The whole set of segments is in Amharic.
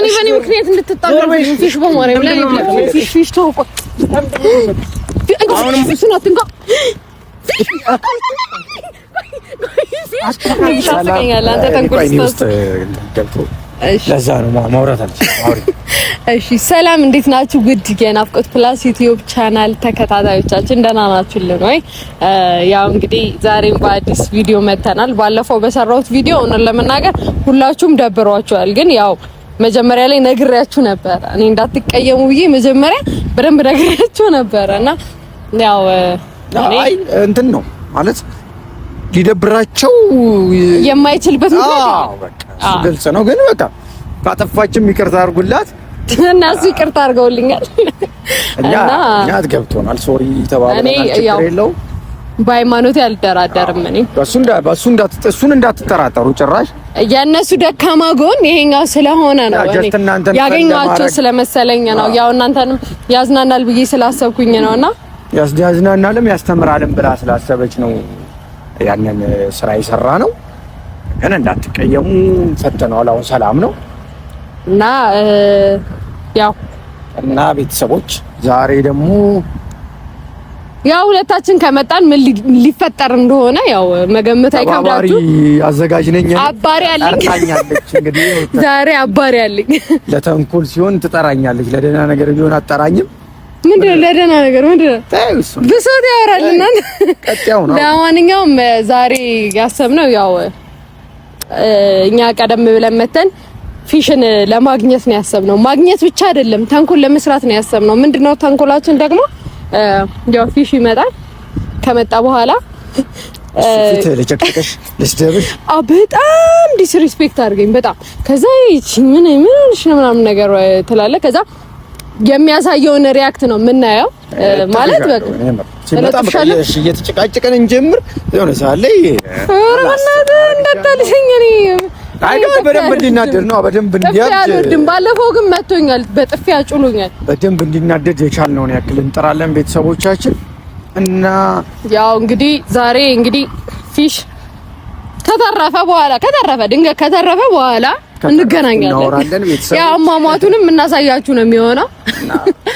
እኔ በእኔ ምክንያት እንድትጣሉ ፊሽ በማርያም ላይ ፊሽ ፊሽ ተውቆ ሰላም እንዴት ናችሁ? ውድ የናፍቆት ፕላስ ዩቲዩብ ቻናል ተከታታዮቻችን ደህና ናችሁልን ወይ? ያው እንግዲህ ዛሬም በአዲስ ቪዲዮ መተናል። ባለፈው በሰራሁት ቪዲዮ እውነት ለመናገር ሁላችሁም ደብሯችኋል፣ ግን ያው መጀመሪያ ላይ ነግሬያችሁ ነበረ። እኔ እንዳትቀየሙ ብዬ መጀመሪያ በደንብ ነግሬያችሁ ነበረ እና ያው አይ እንትን ነው ማለት ሊደብራቸው የማይችልበት ምክንያት አዎ፣ በቃ ግልጽ ነው። ግን በቃ ካጠፋችም ይቅርታ አድርጉላት እና እሱ ይቅርታ አድርገውልኛል እና እኛ አትገብቶናል። ሶሪ ተባባልን፣ ችግር የለውም በሃይማኖቴ አልደራደርም። እኔ እሱን እንዳትጠራጠሩ ጭራሽ የእነሱ ደካማ ጎን ይሄኛው ስለሆነ ነው ያገኘኋቸው ስለመሰለኝ ነው። ያው እናንተንም ያዝናናል ብዬ ስላሰብኩኝ ነውና ያዝናናልም ያስተምራልም ብላ ስላሰበች ነው ያንን ስራ የሰራ ነው። ግን እንዳትቀየሙ ፈተናው አሁን ሰላም ነው እና ያው እና ቤተሰቦች ዛሬ ደግሞ ያው ሁለታችን ከመጣን ምን ሊፈጠር እንደሆነ ያው መገመት አይከብዳችሁ። አዘጋጅ ነኝ። አባሪ አለኝ እንግዲህ ዛሬ አባሪ አለኝ። ለተንኮል ሲሆን ትጠራኛለች፣ ለደህና ነገር ቢሆን አትጠራኝም። ምንድነው ለደህና ነገር ምንድነው? ብሶት ያወራል እና ለማንኛውም ዛሬ ያሰብነው ያው እኛ ቀደም ብለን መተን ፊሽን ለማግኘት ነው ያሰብነው። ማግኘት ብቻ አይደለም ተንኮል ለመስራት ነው ያሰብነው። ምንድነው ተንኮላችን ደግሞ ያው ፊሽ ይመጣል። ከመጣ በኋላ ለጨቅጨቅሽ ለስደብሽ አዎ፣ በጣም ዲስሪስፔክት አድርገኝ በጣም ከዛ ይቺ ምን ምን ነው ምናምን ነገር ትላለ። ከዛ የሚያሳየውን ሪያክት ነው የምናየው ማለት በቃ በጣም እየተጨቃጨቀን እንጀምር የሆነ ሰዓት ላይ ኧረ በእናትህ እንዳታልሽኝ እኔ አይደል? በደንብ እንዲናደድ ነው። በደንብ እንዲያድ ባለፈው ግን መቶኛል፣ በጥፊ አጭሎኛል። በደንብ እንዲናደድ የቻልነውን ያክል እንጥራለን ቤተሰቦቻችን እና ያው እንግዲህ ዛሬ እንግዲህ ፊሽ ከተረፈ በኋላ ከተረፈ ድንገት ከተረፈ በኋላ እንገናኛለን። ያው አሟሟቱንም እናሳያችሁ ነው የሚሆነው።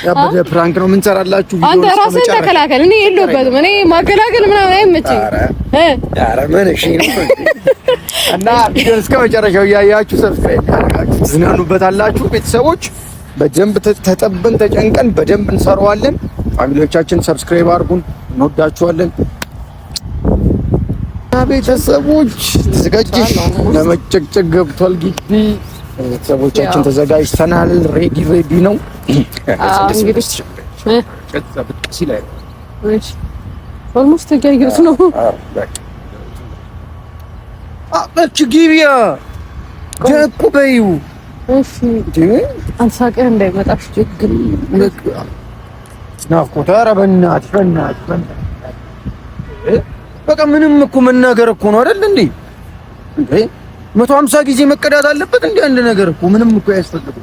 ያበደ ፕራንክ ነው። ምን ሰራላችሁ? አንተ ራስህን ተከላከል። እኔ የለሁበትም። እኔ ማገላገል ምናምን አይመችም። ኧረ ምን እሺ ነው እና ቪዲዮ እስከ መጨረሻው እያያችሁ ሰብስክራይብ አድርጋችሁ ትዝናኑበታላችሁ። ቤተሰቦች በደንብ ተጠብን ተጨንቀን በደንብ እንሰራዋለን። ፋሚሊዎቻችን ሰብስክራይብ አድርጉን። እንወዳችኋለን። ቤተሰቦች ተዘጋጅተሽ ለመጨቅጨቅ ገብቷል ግቢ። ቤተሰቦቻችን ተዘጋጅተናል። ሬዲ ሬዲ ነው ኦልሞስት ተገያየት ነው። አባች ግቢያ ጀኩ በዩ እሺ፣ አንሳቀህ እንዳይመጣሽ ችግር ናፍቆት። ኧረ በእናትሽ በእናትሽ በቃ ምንም እኮ መናገር እኮ ነው አይደል እንዴ? መቶ ሀምሳ ጊዜ መቀዳት አለበት እንዴ? አንድ ነገር እኮ ምንም እኮ ያስፈልገው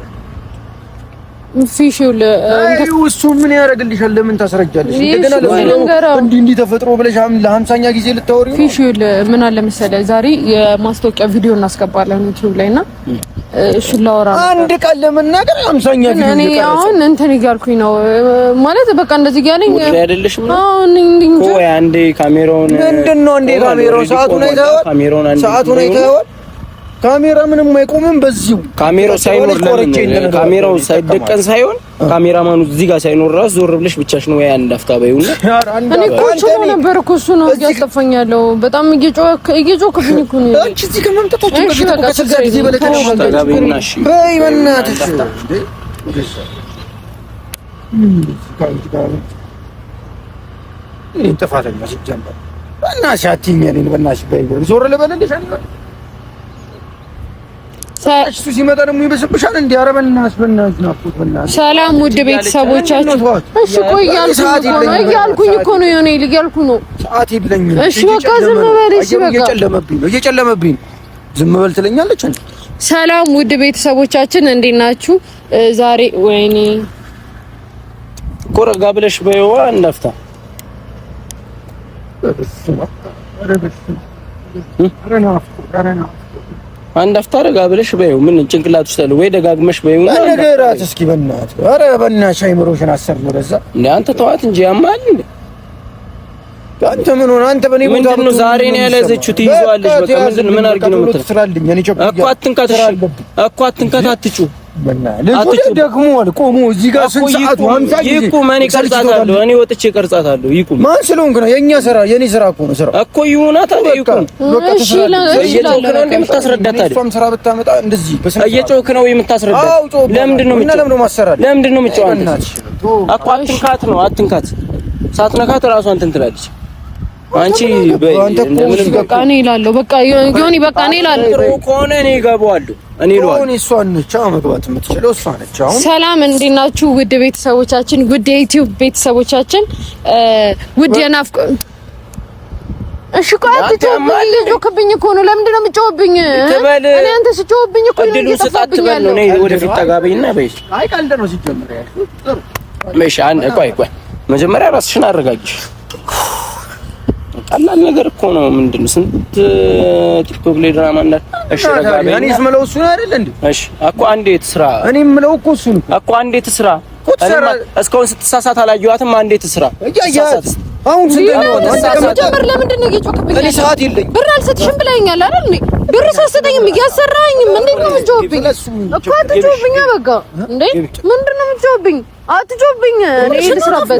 እሱ ምን ያደርግልሻል? ለምን ታስረጃለሽ? እንደገና እንዲህ እንዲህ ተፈጥሮ ብለሽ ለሀምሳኛ ጊዜ ልታወሪ ፊሽ ምን አለ መሰለህ፣ ዛሬ የማስታወቂያ ቪዲዮ እናስገባለን ዩቲዩብ ላይ እና እሱን ላወራ አንድ ቀን ለመናገር ሀምሳኛ ጊዜ እኔ አሁን እንትን እያልኩኝ ነው ማለት በቃ እንደዚህ እያለኝ አይደለሽም። አሁን እንዴ ካሜራውን ምንድን ነው እንዴ ካሜራውን ሰዓቱን አይተኸዋል? ሰዓቱን አይተኸዋል? ካሜራ ምንም አይቆምም። በዚሁ ካሜራው ሳይኖር ለምን ካሜራው ሳይደቀን ሳይሆን ካሜራማኑ እዚህ ጋር ሳይኖር ራስ ዞር ብለሽ ብቻሽ ነው ያን ዳፍታ ባይሁን። እኔ እኮ ችሎ ነበር እኮ እሱ ነው እያጠፋኛለሁ። በጣም እየጮክ እየጮክ ብኝ እኮ ነው እቺ እዚህ ከመምጣታችን በፊት እኮ ከስልሳ ጊዜ በላይ ተነጋግረናል። በይ በእናትሽ ጥፋተኛ ሲጀምር በእናትሽ አትይኝ። እኔን በእናትሽ በይ ዞር ልበልልሽ አንበል እሱ ሲመጣ ደግሞ ይበስብሻል። እንደ ሰላም ውድ ቤተሰቦቻችን። እሺ እያልኩኝ እኮ ነው የሆነ እያልኩ ነው። እሺ በቃ ዝም በል። እሺ በቃ እየጨለመብኝ ነው፣ ዝም በል ትለኛለች። ሰላም ውድ ቤተሰቦቻችን እንዴት ናችሁ? ዛሬ ወይኔ ብለሽ በይዋ አንድ አፍታ ረጋ ብለሽ በይው። ምን ጭንቅላት ውስጥ አለ ወይ ደጋግመሽ በይው ነገራት። እስኪ በእናትህ ኧረ በእናትሽ አይምሮሽን አሰር ነው ለዛ እንደ አንተ ተዋት እንጂ ያማል እንዴ አንተ ምን ሆነ አንተ በኔ ቦታ ምንድን ነው ዛሬ ነው ያለዘችው? ትይዘዋለች። በቃ ምን ምን አድርጊ ነው የምትለው እኮ አትንካት፣ እሺ እኮ አትንካት፣ አትጩ ደክሞል። እዚህ ጋር ስንት ሰዓት እኔ ወጥቼ ይቁም። ማን ስለሆንክ ነው? ስራ ስራ እኮ ነው። ስራ እኮ ይሁና። ታዲያ ይቁም። እየጮክ ነው የምታስረዳት? ነው ለምንድን ነው አትንካት ነው፣ አትንካት። ሳትነካት እራሷ እንትን ትላለች አንቺ እንደምንም በቃ እኔ እላለሁ። በቃ ይሁን በቃ እኔ እላለሁ። ጥሩ ከሆነ እኔ እገባለሁ። መግባት የምትችለው ሰላም፣ እንዴት ናችሁ? ውድ ቤተሰቦቻችን፣ ውድ የዩቲዩብ ቤተሰቦቻችን፣ ውድ የናፍቆ እሺ፣ ቆይ አትጮህብኝ። እኮ ነው። ለምንድን ነው የምትጮህብኝ? እኔ አንተ ስጮህብኝ እኮ ነው እየጠፋብኝ ያለው። እኔ ወደፊት ተጋበይና በይ። አይ ቀልድ ነው ሲጀምር ያለው ጥሩ መጀመሪያ ራስሽን አረጋግሽ ቀላል ነገር እኮ ነው። ምንድን ነው ስንት ቲክቶክ ላይ ድራማ እና እሺ፣ ረጋለኝ እኔ ስምለው እሱን አይደል እንዴ? እሺ እኮ አንዴ ትስራ። እኔ የምለው እኮ እሱን እኮ አንዴ ትስራ። እስካሁን ስትሳሳት አላየኋትም። አንዴ ትስራ። አሁን ስንት ነው? ጀምር። ለምንድን ነው እየጮክብኝ? እኔ ሰዓት የለኝ ብር አልሰጥሽም ብለኸኛል አይደል እንዴ? ብር ሳሰጠኝም እያሰራኝም እንዴት ነው የምትጮህብኝ? እኮ አትጮህብኝ። በቃ እንዴ ምንድን ነው የምትጮህብኝ? አትጮህብኝ። እኔ ልስራበት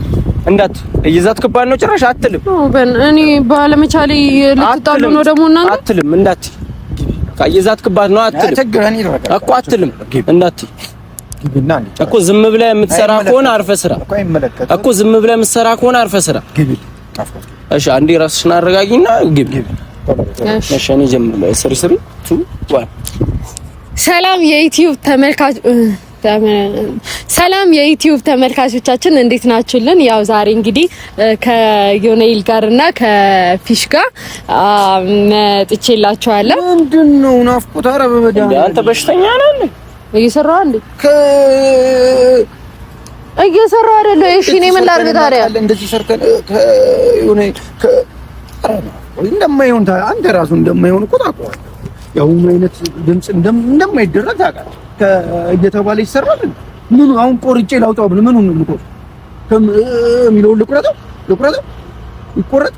እንዳት እየዛት ከባድ ነው ጭራሽ አትልም። ኦበን እኔ ባለመቻሌ ልትጣሉ ነው ደግሞ እናንተ አትልም። እንዳት እየዛት ከባድ ነው አትልም እኮ አትልም። እንዳት እኮ ዝም ብለ የምትሰራ ከሆነ አርፈ ስራ። እኮ ዝም ብለ የምትሰራ ከሆነ አርፈ ስራ። እሺ አንዴ ራስሽን አረጋጊና ግቢ። እሺ እኔ ጀምር ስሪ ስሪ ቱ ሰላም የዩቲዩብ ተመልካች ሰላም የዩቲዩብ ተመልካቾቻችን እንዴት ናችሁልን? ያው ዛሬ እንግዲህ ከዮኔል ጋርና ከፊሽ ጋር መጥቼላችኋለሁ። ምንድን ነው ናፍቆት? ኧረ በመድኃኒዓለም አንተ በሽተኛ ነህ። እየሰራሁ ከ እየሰራሁ አይደለሁ። እሺ እኔ ምን ላድርግ ታዲያ? እንደዚህ ሰርተን ከዮኔል እንደማይሆን አንተ ራሱ እንደማይሆን እኮ ታውቀዋለህ። ያው ምን አይነት ድምጽ እንደማይደረግ ታውቃለህ እየተባለ ይሰራል። ምኑ አሁን ቆርጬ ላውጣው ብል ምኑን ነው ከም የሚለውን ልቁረጠው ልቁረጠው ይቆረጥ።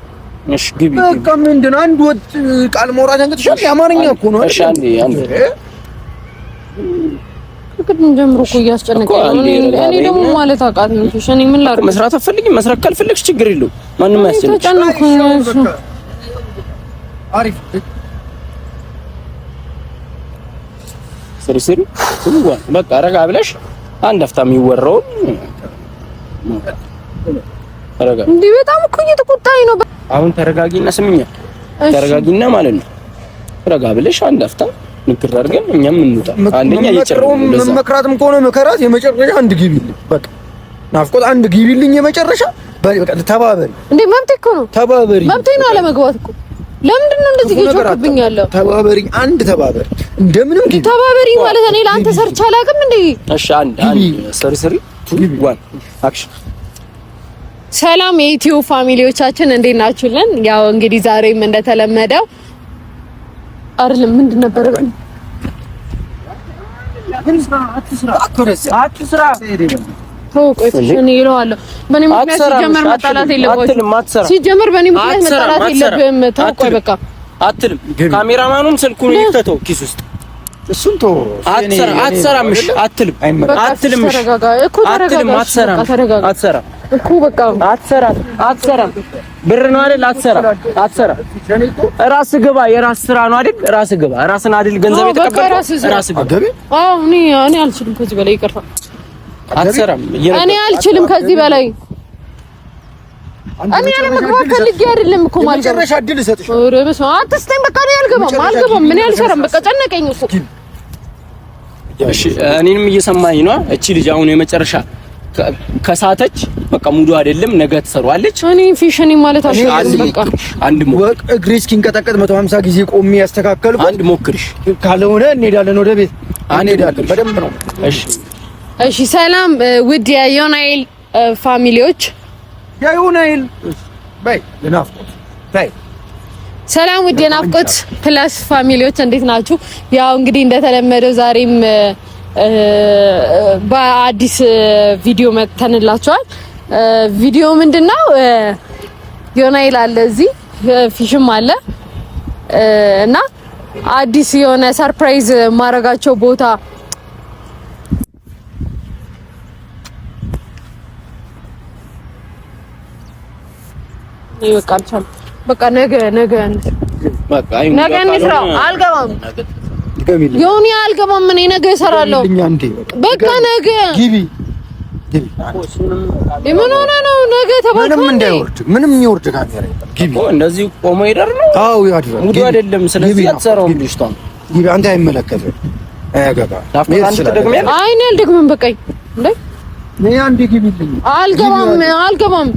እሺ ግቢ በቃ ምንድን አንድ ወጥ ቃል መውራት ያንገጥሻል። የአማርኛ እኮ ነው። እሺ አንዴ አንዴ ጀምሮ እኮ እያስጨነቀኝ ነው። እኔ ደግሞ ማለት አቃተኝ። እሺ እኔ ምን መስራት አትፈልጊም? ችግር የለው ነው። አሪፍ በቃ ረጋ ብለሽ አንድ አፍታ የሚወራውን ረጋ። እንዴ በጣም እኮ እየተቆጣኝ ነው። አሁን ተረጋጊና ስምኛ፣ ተረጋጊና ማለት ነው። ረጋ ብለሽ አንድ አፍታ ምክር አድርገን እኛም እንውጣ። አንደኛ እየጨረሰ መክራትም ከሆነ መከራት፣ የመጨረሻ አንድ ግቢልኝ በቃ ናፍቆት አንድ ግቢልኝ የመጨረሻ። በቃ ተባበሪ። እንዴ መብቴ እኮ ነው። ተባበሪ፣ መብቴ ነው አለመግባት እኮ ለምንድን ነው እንደዚህ እየጮክብኝ ያለው? ተባበሪኝ፣ አንድ ተባበር፣ እንደምንም ግን ተባበሪኝ። ማለት እኔ ለአንተ ሰርቼ አላውቅም እንዴ? እሺ፣ አንድ አንድ ሰሪ ሰሪ ዋን አክሽን። ሰላም የኢትዮ ፋሚሊዎቻችን እንዴት ናችሁልን? ያው እንግዲህ ዛሬም እንደተለመደው አይደለም ምንድን ነበር አትስራ ይለዋለሁ። በእኔ ሲጀመር በእኔ ምክንያት መጣላት የለብህም። ተው በቃ አትልም። ካሜራማኑም ስልኩን ይክተተው ኪስ ውስጥ እሱን ተው። አትሰራም እሺ፣ አትልም አትልም አትልም አትሰራም፣ እኮ በቃ አትሰራም፣ አትሰራም። ብር ነው አይደል? አትሰራም፣ አትሰራም። እራስህ ግባ፣ የራስህ ስራ ነው አይደል? እራስህ ግባ። እራስህን አይደል ገንዘብ የተቀበልከው? እራስህ ግባ። አዎ፣ እኔ እኔ አልችልም ከዚህ በላይ ይቅርታ አትሰራም። እኔ አልችልም ከዚህ በላይ እኔ ያለ መግባት ፈልጌ አይደለም እኮ ማለት ነው። እድል እሰጥሽ። ኧረ በስመ አብ አትስተኝ። በቃ እኔ አልገባም አልገባም። እኔ አልሰራም። በቃ ጨነቀኝ እኮ። እሺ እኔንም እየሰማኝ ነው። እቺ ልጅ አሁን የመጨረሻ ከሳተች በቃ ሙሉ አይደለም ነገ ትሰሯለች። እኔ ፊሽኒ ማለት አሽ አንድ ሞክር እግሬ እስኪንቀጠቀጥ 150 ጊዜ ቆሜ ያስተካከልኩ አንድ ሞክርሽ ካልሆነ እንሄዳለን ወደ ቤት አንሄዳለን። በደንብ ነው እሺ እሺ ሰላም ውድ የዮናይል ፋሚሊዎች፣ የዮናይል በይ ለናፍቆት በይ ሰላም ውድ የናፍቆት ፕላስ ፋሚሊዎች እንዴት ናችሁ? ያው እንግዲህ እንደተለመደው ዛሬም በአዲስ ቪዲዮ መጥተንላችኋል። ቪዲዮ ምንድነው? ዮናይል አለ እዚህ ፊሽም አለ እና አዲስ የሆነ ሰርፕራይዝ ማድረጋቸው ቦታ በቃ አልቻልኩም። በቃ ነገ ነገ ነገ እንስራ። አልገባም ዮኒ አልገባም። እኔ ነገ እሰራለሁ። በቃ ነገ ግቢ ምን ሆነ ነው? ነገ ተባልኩ። ምንም እንዳይወርድ ምንም ይወርድ ካሜራ ግቢ። እንደዚህ ቆሞ ይደር ነው። አዎ ያድር ሙዱ አይደለም። ስለዚህ አትሰራውም። ልጅቷን ግቢ። አንተ አይመለከትም፣ አያገባም። አይ እኔ አልደግምም። በቃኝ እንዴ! እኔ አንዴ ግቢ። አልገባም አልገባም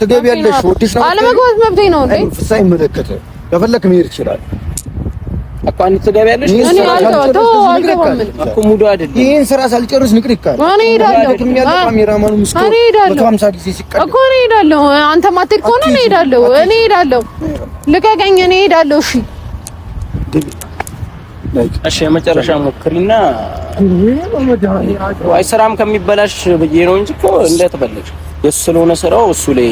ትገቢያለሽ። ወዲሽ ነው አለመግባት መብቴ ነው እንዴ? ፍሳይ መለከተ ከፈለክ መሄድ ይችላል እኮ አንተ ትገቢያለሽ። ይሄን ስራ ሳልጨርስ ንቅሪካ እሄዳለሁ። አንተ ማትሄድ ከሆነ እኔ እሄዳለሁ። እኔ እሄዳለሁ። ልቀቀኝ። እኔ እሄዳለሁ። እሺ እሺ የመጨረሻ ሞክሪና፣ ወይ ስራም ከሚበላሽ ብዬሽ ነው እንጂ እኮ እንደተበለሽ የሱ ስለሆነ ስራው እሱ ላይ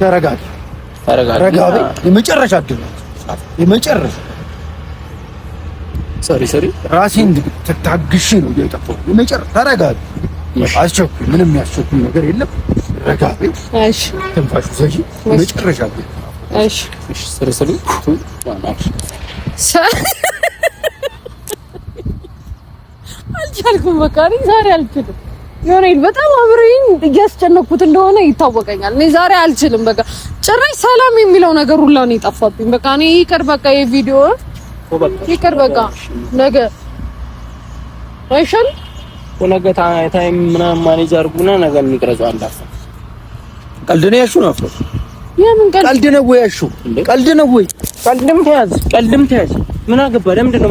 ተረጋጋ፣ ተረጋጋ፣ ረጋበ የመጨረሻ ድል የመጨረሻ ሰሪ ሰሪ ራሴን ታግሼ ነው የጠፋው። የመጨረሻ ተረጋጋ፣ አስቸኩኝ፣ ምንም ያስቸኩኝ ነገር የለም። ረጋበ እሺ፣ ትንፋሽ ዘጂ የመጨረሻ ድል እሺ፣ እሺ፣ ሰሪ ሰሪ አልቻልኩም። በቃ ዛሬ አልችልም። ዮኔል በጣም አብሬኝ እያስጨነኩት እንደሆነ ይታወቀኛል። እኔ ዛሬ አልችልም። በቃ ጭራሽ ሰላም የሚለው ነገር ሁላ ነው የጠፋብኝ። በቃ እኔ ይቅር፣ በቃ የቪዲዮ ይቅር፣ በቃ ነገ አይሻልም? ነገ ታይም ምናምን ማኔጅ አድርጉና ነገ እንቅረጹ። አንዳፋ ቀልድ ነው ያልሽው ነው አፍሮ የምን ቀልድ ነው ያልሽው? ቀልድ ነው ወይ? ቀልድም ተያዝ፣ ቀልድም ተያዝ። ምን አገባ? ለምንድን ነው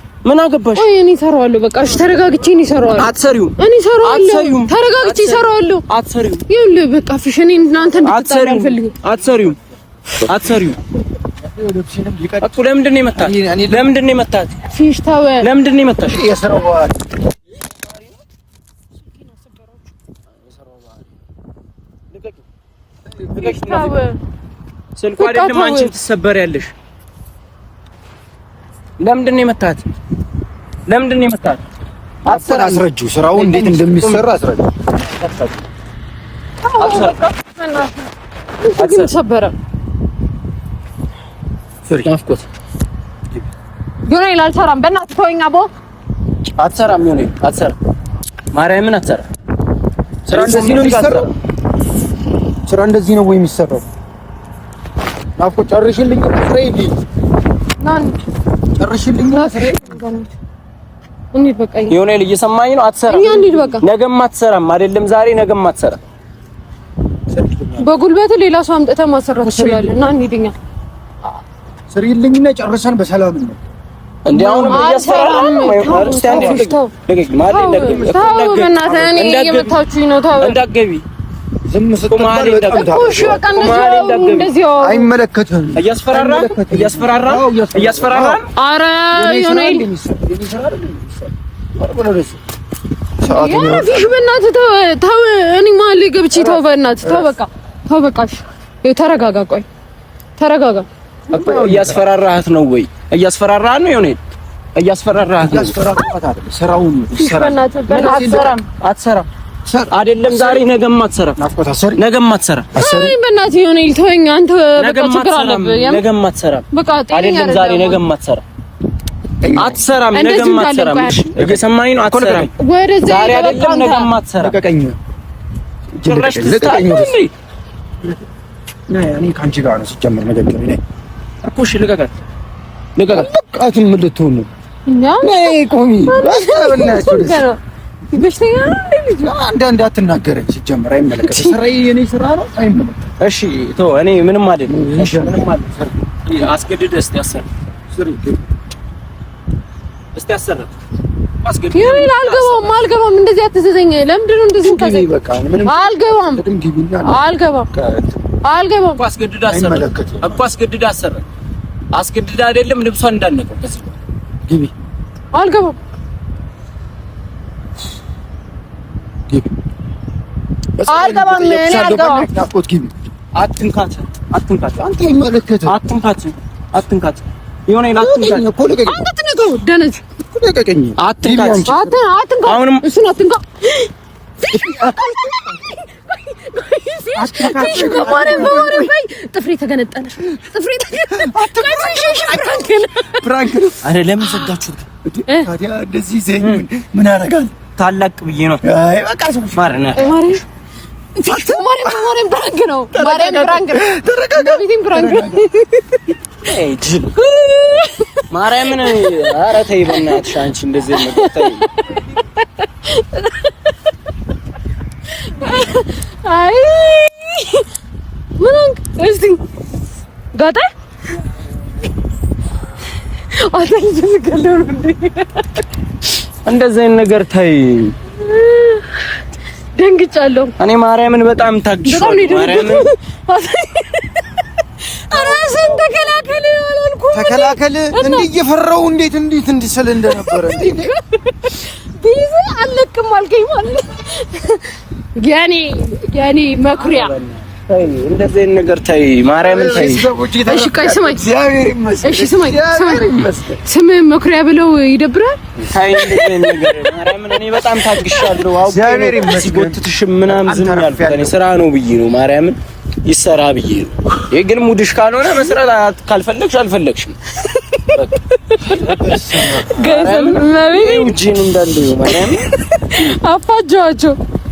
ምን አገባሽ? ወይ እኔ እሰራዋለሁ። በቃ እሺ፣ ተረጋግቼ እኔ እሰራዋለሁ። አትሰሪውም። እኔ እሰራዋለሁ። ተረጋግቼ እሰራዋለሁ። አትሰሪውም። ይኸውልህ በቃ ፍሽ፣ እኔ እናንተ እንድትጣሉ አልፈልግም። አትሰሪውም። አትሰሪውም። ለምንድን ነው የመታህ? ለምንድን ነው የመታህ? ፊሽ ተው። ለምንድን ነው የመታሽ? ስልኳ አይደለም አንቺን ትሰበር ያለሽ። ለምንድን ነው የመታህ? ለምንድን ነው የመጣህ? አጥተን አስረጁ። ስራው እንዴት እንደሚሰራ አስረጁ። ሰበረ ዮናይ አልሰራም። በእናትህ ተወኝ። አቦ አትሰራም። ዮናይ አትሰራም። ማርያምን አትሰራም። ስራ እንደዚህ ነው የሚሰራው። ስራ እንደዚህ ነው ወይ የሚሰራው? ናፍቆት ጨርሽልኝ። ስራ ይልኝ ጨርሽልኝ ስራ እንዴት በቃ የሆነ እየሰማኝ ነው። አትሰራም፣ ነገም አትሰራም። አይደለም ዛሬ ነገም አትሰራም። በጉልበት ሌላ ሰው አምጥተህ ማሰራት ትችላለህ። እና እንሂድኛ ስሪልኝና ጨርሰን በሰላም ነው እንዴ አሁን እያስፈራራን ነው። ክርስቲያን ነው። ዝም ስትባል በጣም አይመለከትህም። እያስፈራራ እያስፈራራ እያስፈራራ አረ ፊሽ በእናትህ ተው። እኔ መሀል ላይ ገብቼ ተው፣ በእናትህ ተው፣ በቃ ተው፣ በቃ ተረጋጋ። ቆይ ተረጋጋ እያስፈራራህት ነው ወይ? እያስፈራራህ ነው የሆነ እያስፈራራህ ነው። አይደለም ዛሬ ነገም አትሰራ። ነገ ማትሰራ ነገ ማትሰራ አይ በእናትህ የሆነ ይልተወኝ አንተ በቃ ችግር አለብህ ነገ ማትሰራ በቃ አይደለም ዛሬ ነገ አትሰራ አትሰራም ነገ ማትሰራም እየሰማኸኝ ነው አትሰራም ዛሬ አይደለም ነገ ማትሰራ ጭራሽ ትስታኝ ነው እኔ ከአንቺ ጋር ነው ሲጀምር ነገር ነው እኮ እሺ ልቀቀት ልቀቀት በቃትም ልትሆን ነው ቆሚ በስተብና በሽተኛ አንድ አንድ ሲጀምር አይመለከትም። የኔ ስራ ነው። እሺ ቶ እኔ ምንም አይደለም። እሺ ምንም አይደለም። አስገድደህ እስቲ ስሪ እስቲ ይሄን አልገባም፣ አልገባም። እንደዚህ አትዘዘኝ። ለምንድን ነው እንደዚህ ታዘኝ? አልገባም፣ አልገባም፣ አይደለም ልብሷን እንዳነቀው ግቢ። አልገባም ግቢ። አልገባም። እኔ አልገባም። ግቢ። አትንካት፣ አትንካት። አንተ አትንካት፣ አትንካት። ምን ታላቅ ብዬ ነው። አይ በቃ ማርያም ማርያም ብራንክ ነው። ማርያም ብራንክ ነው። ተረጋጋ። ቢቲም ብራንክ ነው። ማርያምን ኧረ ተይ በእናትሽ አንቺ እንደዚህ ነው። አይ ምን እስቲ ጋታ አታኝ ዝም እንደዚህ አይነት ነገር ታይ። ደንግጫለሁ እኔ ማርያምን በጣም ታግሻለሁ። ማርያምን እራስን ተከላከል አላልኩም? ተከላከል እንዴ እየፈራሁ እንዴት እንዴት እንድስል እንደነበረ ቢዝ አለቅም አልከኝ ማለት ያኔ ያኔ መኩሪያ ታይ እንደዚህ ነገር ታይ፣ ማርያምን ታይ። እሺ ቆይ ስማኝ፣ እሺ ስማኝ፣ ስም መኩሪያ ብለው ይደብራል። ታይ እንደዚህ ነገር ማርያምን፣ እኔ በጣም ስራ ነው ብዬ ነው ማርያምን ይሰራ ብዬ ነው። ይሄ ግን ሙድሽ ካልሆነ መስራት ካልፈለግሽ አልፈለግሽም። ገንዘብ ነው ማርያምን አፋጇቸው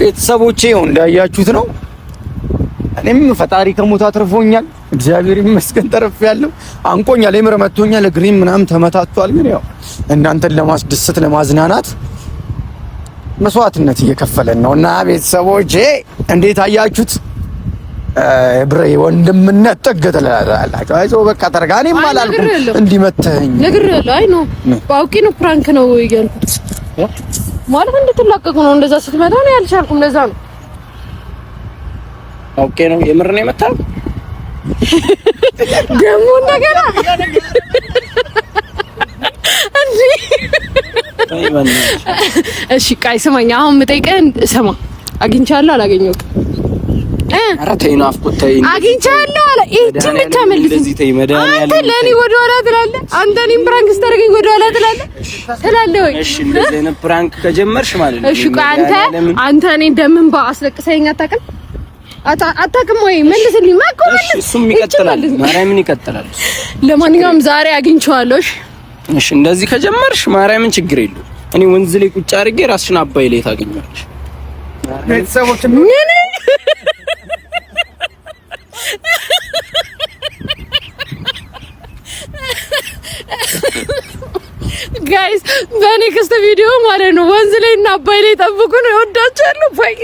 ቤተሰቦቼ ነው እንዳያችሁት ነው። እኔም ፈጣሪ ከሞት አትርፎኛል፣ እግዚአብሔር ይመስገን ተርፌያለሁ። አንቆኛል፣ የምር መቶኛል፣ እግሬም ምናምን ተመታቷል። ግን ያው እናንተን ለማስደሰት ለማዝናናት መስዋዕትነት እየከፈለን ነው እና ቤተሰቦቼ እንዴት አያችሁት? ብሬ ወንድምነት ጥግ ትላላችሁ። አይዞ በቃ ተረጋ። እኔም አላልኩም እንዲመተኝ ነግሬሃለሁ። አይ ነው አውቄ ነው ፕራንክ ነው እያልኩት ማለት እንድትላቀቁ ነው። እንደዛ ስትመጣ ነው ያልቻልኩም። ለዛ ነው አውቄ ነው። የምር ነው የመታው ደግሞ እንደገና እንጂ እሺ፣ ቃይ ስማኝ። አሁን የምጠይቀን ስማ፣ አግኝቻለሁ አላገኘሁትም ኧረ ተይ ናፍቆት ተይ አግኝቻለሁ አለ። ብቻ መልስ። አንተ ለእኔ ወደ ኋላ ትላለህ። አንተ ፕራንክ ስታደርገኝ ወደ ኋላ ትላለህ ትላለህ ወይ? እሺ እንደዚህ አይነት ፕራንክ ከጀመርሽ ማለት ነው። እሺ አንተ አንተ እኔ አታውቅም አታውቅም ወይ? መልስልኝ። መልስ። እሱም ይቀጥላል። ማርያምን ይቀጥላል። ለማንኛውም ዛሬ አግኝቼዋለሁ። እሺ እሺ እንደዚህ ከጀመርሽ ማርያምን ችግር የለውም። እኔ ወንዝ ላይ ቁጭ አድርጌ ራስሽን አባይ ላይ ታገኛለሽ። ቤተሰቦች ምን ጋይስ በኔክስት ቪዲዮ ማለት ነው ወንዝ ላይ እና አባይ ላይ ጠብቁን። እወዳቸዋለሁ ባይ